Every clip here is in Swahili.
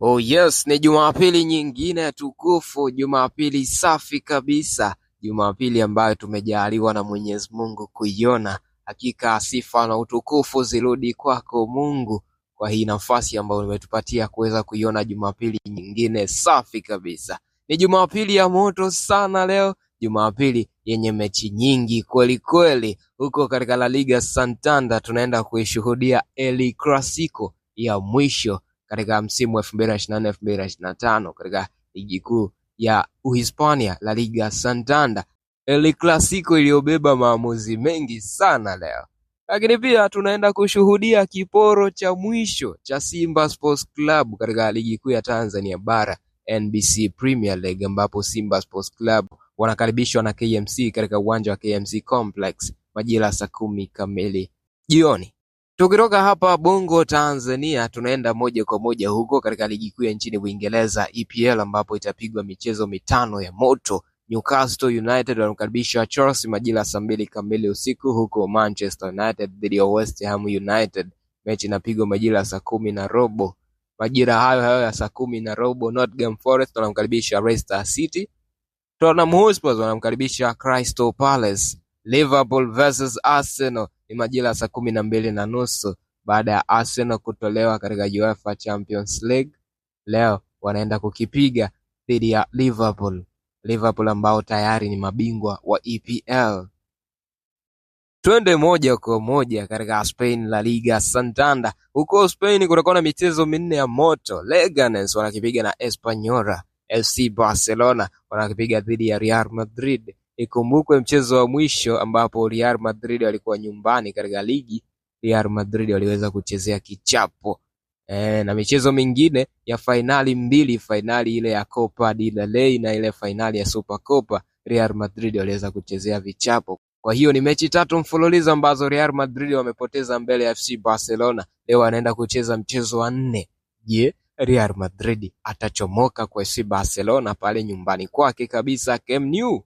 Oh yes, ni Jumapili nyingine tukufu, Jumapili safi kabisa, Jumapili ambayo tumejaliwa na Mwenyezi Mungu kuiona. Hakika sifa na utukufu zirudi kwako Mungu kwa hii nafasi ambayo umetupatia kuweza kuiona Jumapili nyingine safi kabisa. Ni Jumapili ya moto sana leo, Jumapili yenye mechi nyingi kweli kweli. Huko katika La Liga Santander tunaenda kuishuhudia El Clasico ya mwisho katika msimu 2024-2025 katika ligi kuu ya Uhispania La Liga Santander, El Clasico iliyobeba maamuzi mengi sana leo. Lakini pia tunaenda kushuhudia kiporo cha mwisho cha Simba Sports Club katika ligi kuu ya Tanzania bara NBC Premier League, ambapo Simba Sports Club wanakaribishwa na KMC katika uwanja wa KMC Complex majira saa kumi kamili jioni. Tukitoka hapa Bongo Tanzania tunaenda moja kwa moja huko katika ligi kuu ya nchini Uingereza EPL ambapo itapigwa michezo mitano ya moto. Newcastle United wanamkaribisha Chelsea majira saa mbili kamili usiku, huko Manchester United dhidi ya West Ham United. Mechi inapigwa majira ya saa kumi na robo. Majira hayo hayo ya saa kumi na robo Nottingham Forest wanamkaribisha Leicester City. Tottenham Hotspur wanamkaribisha Crystal Palace. Liverpool versus Arsenal ni majira ya saa kumi na mbili na nusu baada ya Arsenal kutolewa katika UEFA Champions League. Leo wanaenda kukipiga dhidi ya Liverpool, Liverpool ambao tayari ni mabingwa wa EPL. Twende moja kwa moja katika Spain, La Liga Santander. Huko Spain kutakuwa na michezo minne ya moto. Leganes wanakipiga na Espanyola. FC Barcelona wanakipiga dhidi ya Real Madrid, Ikumbukwe mchezo wa mwisho ambapo Real Madrid walikuwa nyumbani katika ligi, Real Madrid waliweza kuchezea kichapo e, na michezo mingine ya fainali mbili, fainali ile ya Copa del Rey na ile fainali ya Super Copa, Real Madrid waliweza kuchezea vichapo. Kwa hiyo ni mechi tatu mfululizo ambazo Real Madrid wamepoteza mbele ya FC Barcelona. Leo anaenda kucheza mchezo wa nne. Je, Real Madrid atachomoka kwa FC Barcelona pale nyumbani kwake kabisa Camp Nou?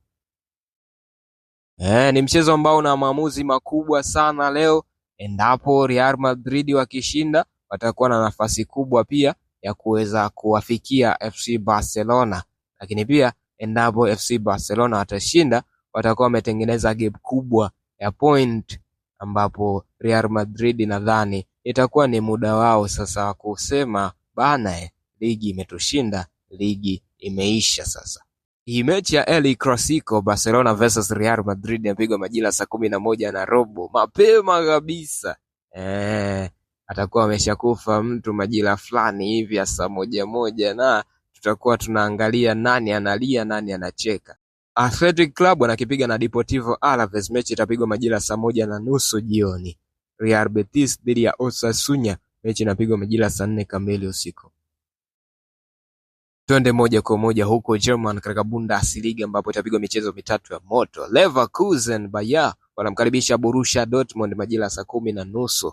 Eh, ni mchezo ambao una maamuzi makubwa sana leo. Endapo Real Madrid wakishinda, watakuwa na nafasi kubwa pia ya kuweza kuwafikia FC Barcelona, lakini pia endapo FC Barcelona watashinda, watakuwa wametengeneza gap kubwa ya point, ambapo Real Madrid nadhani itakuwa ni muda wao sasa wa kusema bana, eh, ligi imetushinda, ligi imeisha sasa hii mechi ya el clasico barcelona versus real madrid yapigwa majira saa kumi na moja na robo mapema kabisa e, atakuwa ameshakufa mtu majira fulani hivi ya saa moja moja na tutakuwa tunaangalia nani analia nani anacheka Athletic Club wanakipiga na Deportivo Alaves. Mechi itapigwa majira saa moja na nusu jioni. Real Betis dhidi ya Osasuna, mechi inapigwa majira saa nne kamili usiku. Twende moja kwa moja huko German katika Bundesliga ambapo itapigwa michezo mitatu ya moto. Leverkusen Bayer wanamkaribisha Borussia Dortmund majira ya saa kumi na nusu.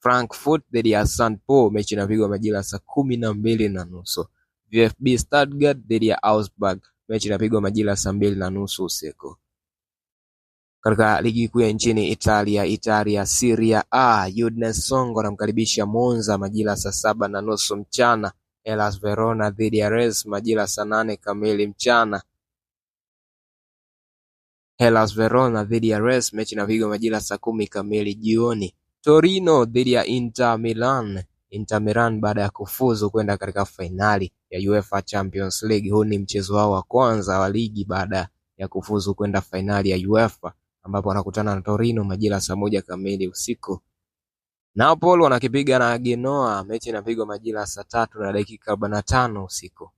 Frankfurt dhidi ya St Sanpo, mechi inapigwa majira ya saa kumi na mbili na nusu. VfB Stuttgart dhidi ya Augsburg, mechi inapigwa majira ya saa mbili na nusu usiku. Katika ligi kuu ya nchini Italia, Italia Serie A, Udinese Songo wanamkaribisha Monza majira saa saba na nusu mchana hellas verona dhidi ya reds majira saa nane kamili mchana hellas verona dhidi ya reds mechi inapigwa majira saa kumi kamili jioni torino dhidi ya inter milan inter milan baada ya kufuzu kwenda katika fainali ya uefa champions league huu ni mchezo wao wa kwanza wa ligi baada ya kufuzu kwenda fainali ya uefa ambapo wanakutana na torino majira saa moja kamili usiku Napoli wanakipiga na Genoa mechi inapigwa majira saa tatu na dakika arobaini tano usiku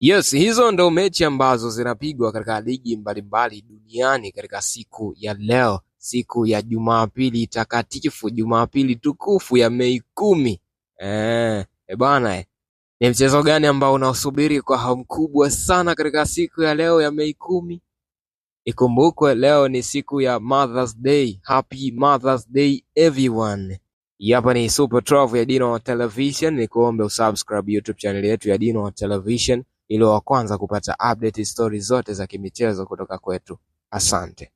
yes hizo ndo mechi ambazo zinapigwa katika ligi mbalimbali duniani katika siku ya leo siku ya jumapili takatifu jumapili tukufu ya mei kumi eh, e bana, eh. ni mchezo gani ambao unaosubiri kwa hamu kubwa sana katika siku ya leo ya mei kumi ikumbukwe leo ni siku ya Mother's Day. Happy Mother's Day everyone hapa ni Super 12 ya Dino Television. Ni kuombe usubscribe YouTube channel yetu ya Dino Television ili wa kwanza kupata update stories zote za kimichezo kutoka kwetu. Asante.